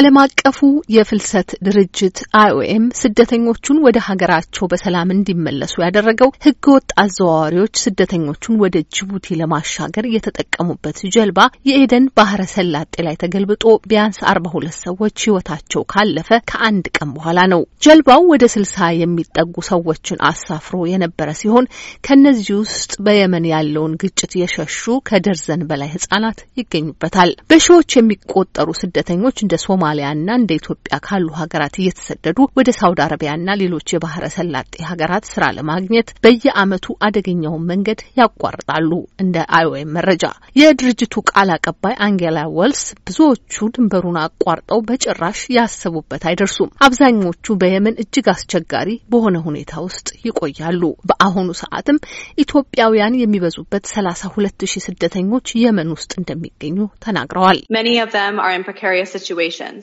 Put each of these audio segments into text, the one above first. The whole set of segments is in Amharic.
ዓለም አቀፉ የፍልሰት ድርጅት አይኦኤም ስደተኞቹን ወደ ሀገራቸው በሰላም እንዲመለሱ ያደረገው ህገወጥ አዘዋዋሪዎች ስደተኞቹን ወደ ጅቡቲ ለማሻገር የተጠቀሙበት ጀልባ የኤደን ባህረ ሰላጤ ላይ ተገልብጦ ቢያንስ አርባ ሁለት ሰዎች ህይወታቸው ካለፈ ከአንድ ቀን በኋላ ነው። ጀልባው ወደ ስልሳ የሚጠጉ ሰዎችን አሳፍሮ የነበረ ሲሆን ከእነዚህ ውስጥ በየመን ያለውን ግጭት የሸሹ ከደርዘን በላይ ህጻናት ይገኙበታል። በሺዎች የሚቆጠሩ ስደተኞች እንደ ሶማ ሶማሊያና እንደ ኢትዮጵያ ካሉ ሀገራት እየተሰደዱ ወደ ሳውዲ አረቢያና ሌሎች የባህረ ሰላጤ ሀገራት ስራ ለማግኘት በየአመቱ አደገኛውን መንገድ ያቋርጣሉ። እንደ አይኦኤም መረጃ የድርጅቱ ቃል አቀባይ አንጌላ ወልስ ብዙዎቹ ድንበሩን አቋርጠው በጭራሽ ያሰቡበት አይደርሱም። አብዛኞቹ በየመን እጅግ አስቸጋሪ በሆነ ሁኔታ ውስጥ ይቆያሉ። በአሁኑ ሰዓትም ኢትዮጵያውያን የሚበዙበት ሰላሳ ሁለት ሺህ ስደተኞች የመን ውስጥ እንደሚገኙ ተናግረዋል። Many of them are in precarious situations.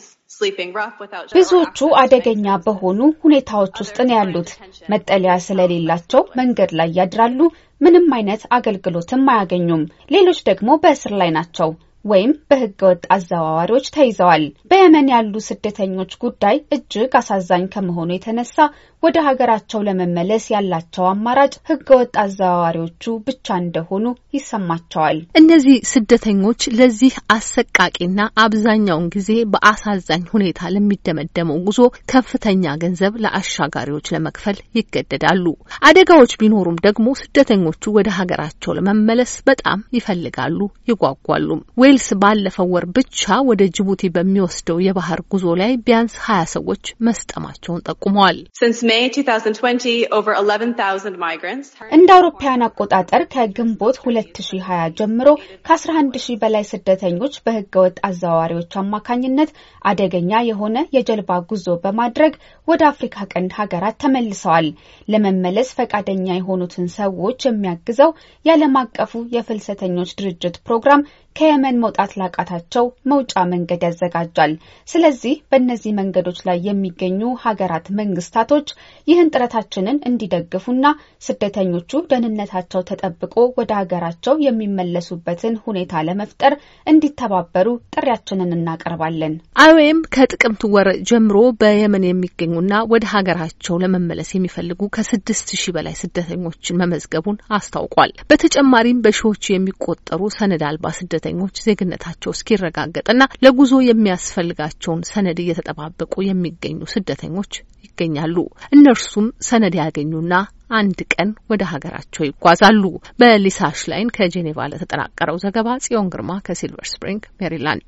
ብዙዎቹ አደገኛ በሆኑ ሁኔታዎች ውስጥ ነው ያሉት። መጠለያ ስለሌላቸው መንገድ ላይ ያድራሉ፣ ምንም አይነት አገልግሎትም አያገኙም። ሌሎች ደግሞ በእስር ላይ ናቸው። ወይም በህገወጥ አዘዋዋሪዎች ተይዘዋል። በየመን ያሉ ስደተኞች ጉዳይ እጅግ አሳዛኝ ከመሆኑ የተነሳ ወደ ሀገራቸው ለመመለስ ያላቸው አማራጭ ህገወጥ አዘዋዋሪዎቹ ብቻ እንደሆኑ ይሰማቸዋል። እነዚህ ስደተኞች ለዚህ አሰቃቂና አብዛኛውን ጊዜ በአሳዛኝ ሁኔታ ለሚደመደመው ጉዞ ከፍተኛ ገንዘብ ለአሻጋሪዎች ለመክፈል ይገደዳሉ። አደጋዎች ቢኖሩም ደግሞ ስደተኞቹ ወደ ሀገራቸው ለመመለስ በጣም ይፈልጋሉ፣ ይጓጓሉም። ግሪስ ባለፈው ወር ብቻ ወደ ጅቡቲ በሚወስደው የባህር ጉዞ ላይ ቢያንስ ሀያ ሰዎች መስጠማቸውን ጠቁመዋል። እንደ አውሮፓውያን አቆጣጠር ከግንቦት 2020 ጀምሮ ከ11 ሺህ በላይ ስደተኞች በህገወጥ አዘዋዋሪዎች አማካኝነት አደገኛ የሆነ የጀልባ ጉዞ በማድረግ ወደ አፍሪካ ቀንድ ሀገራት ተመልሰዋል። ለመመለስ ፈቃደኛ የሆኑትን ሰዎች የሚያግዘው የዓለም አቀፉ የፍልሰተኞች ድርጅት ፕሮግራም ከየመን መውጣት ላቃታቸው መውጫ መንገድ ያዘጋጃል። ስለዚህ በእነዚህ መንገዶች ላይ የሚገኙ ሀገራት መንግስታቶች ይህን ጥረታችንን እንዲደግፉና ስደተኞቹ ደህንነታቸው ተጠብቆ ወደ ሀገራቸው የሚመለሱበትን ሁኔታ ለመፍጠር እንዲተባበሩ ጥሪያችንን እናቀርባለን። አይኦኤም ከጥቅምት ወር ጀምሮ በየመን የሚገኙና ወደ ሀገራቸው ለመመለስ የሚፈልጉ ከስድስት ሺህ በላይ ስደተኞችን መመዝገቡን አስታውቋል። በተጨማሪም በሺዎች የሚቆጠሩ ሰነድ አልባ ስደተኞች ዜግነታቸው እስኪረጋገጥና ለጉዞ የሚያስፈልጋቸውን ሰነድ እየተጠባበቁ የሚገኙ ስደተኞች ይገኛሉ። እነርሱም ሰነድ ያገኙና አንድ ቀን ወደ ሀገራቸው ይጓዛሉ። በሊሳሽ ላይን ከጄኔቫ ለተጠናቀረው ዘገባ ጽዮን ግርማ ከሲልቨር ስፕሪንግ ሜሪላንድ